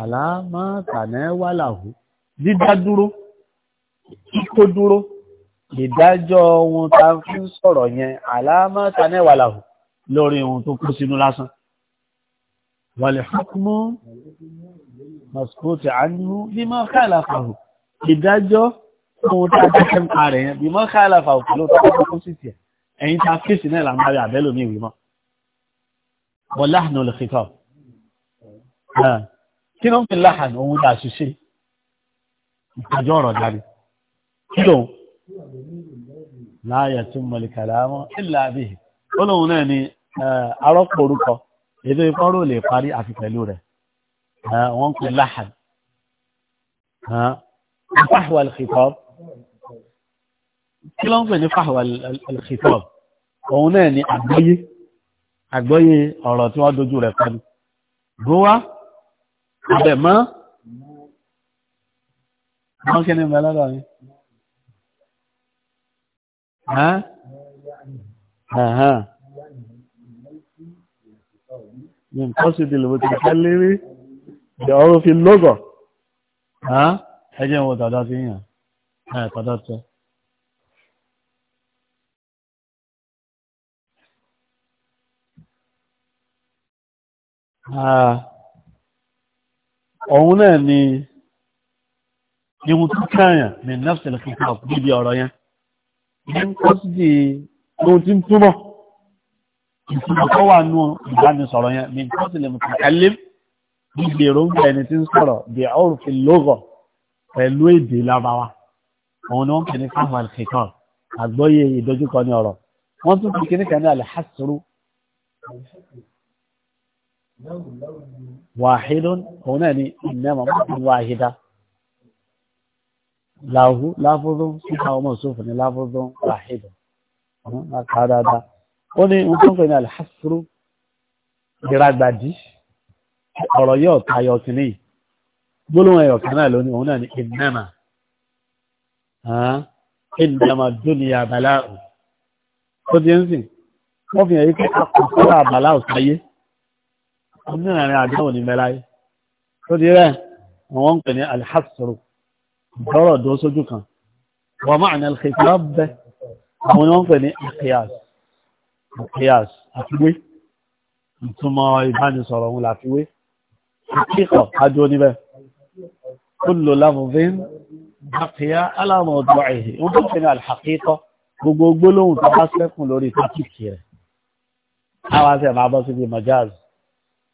àlámọ́tànẹ́wàláhù dídádúró kíkó dúró ìdájọ́ ohun ta fi ń sọ̀rọ̀ yẹn àlámọ́tànẹ́wàláhù lórí ohun tó kú sínú lásán wàlẹ̀ hukmu maskuti anhu bí máa kàlàfàhù ìdájọ́ fún dáadáa ṣe ń pa rẹ̀ yẹn bí mọ́ káàlà fà òkú ló tọ́jú fún sísì ẹ̀ ẹ̀yìn tá a fèsì náà là ń bari àbẹ́lò mi wí mọ́ wọ́n láhàánú lè fi kọ́ kí ló ń fi láhàánú ohun dà ṣiṣẹ́ ìtàjọ́ ọ̀rọ̀ jáde kí ló ń láàyè tún mọ̀lìkàlà mọ́ ìlà àbíyè ó lóun náà ni arọ́pò orúkọ ètò ìfọ́rò lè parí àfi pẹ̀lú rẹ̀ wọ́n ń pè láhàánú. Ìfáhùwà lè kí ló ń pè ní fàwà alkhitab òun náà ni àgbọ́yé àgbọ́yé ọ̀rọ̀ tí wọ́n dojú rẹ̀ pẹ̀lú gówá àbẹ̀mọ́ wọ́n kí ni mẹ́ lọ́dọ̀ ni nǹkan sì ti lòbó ti fẹ́ lérí ìdọ̀rọ̀ fi lọ́gọ̀ ẹjẹ́ wọn tàdá sí yàn ẹ̀ tàdá tẹ́ ọ̀hun ah. náà ni ihun tó káyàn ní nafsil kitab níbi ọ̀rọ̀ yẹn ní kọ́sídì ohun tí ń túmọ̀ ìtumọ̀ tó wà nú ìbánisọ̀rọ̀ yẹn ní kọ́sílẹ̀ mutakallim níbi èròǹgbà ẹni tí ń sọ̀rọ̀ bí ọ̀rùfi lógọ̀ pẹ̀lú èdè lábáwá òun ni wọ́n pè ní káfàl kitab àgbọ́yé ìdojúkọ ní ọ̀rọ̀ wọ́n tún fi kíníkà ní alẹ́ wàhídùn òun náà ni ìnẹ́mà mọ́tún wàhídá láhú láfúrún síta ọmọ òṣòfò ní láfúrún wàhídùn ọmọ láta dáadáa ó ní nǹkan pẹ̀lú alhassuru ìragbàdí ọ̀rọ̀ yóò tayọ kìíní gbólóhùn ẹ̀yọ̀ kan náà lónìí òun náà ni ìnẹ́mà ìnẹ́mà dúnìyà bàláà ó ti ń sìn wọ́n fi hàn yí pé akọ̀kọ́ àbàláà sáyé onírìnrìn àdáwò ní mẹ́láyé tó di rẹ̀ wọ́n ń pè ní alhassaru lọ́rọ̀ dó sójú kan wọ́n máa ní alhassaru bẹ́ àwọn ni wọ́n ń pè ní akiyas àfiwé ìtumọ̀ ìbánisọ̀rọ̀ òun làfiwé kíkọ̀ adó níbẹ̀ kúlò lámùfín bàkìyà alámọ̀ ọ̀dọ̀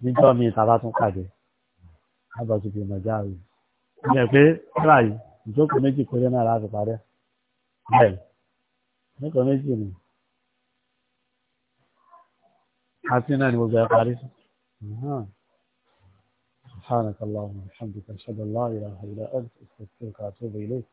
níjọ́ mi tàbá tún pàdé lábàtú fi mọ̀ já rí ní ẹ̀ pé kíra yìí ìjókòó méjì péré náà láti parẹ́ bẹ́ẹ̀ níkọ̀ méjì ni àti náà ni gbogbo ẹ̀ parí sí. سبحانك اللهم وبحمدك اشهد ان لا اله الا انت استغفرك واتوب اليك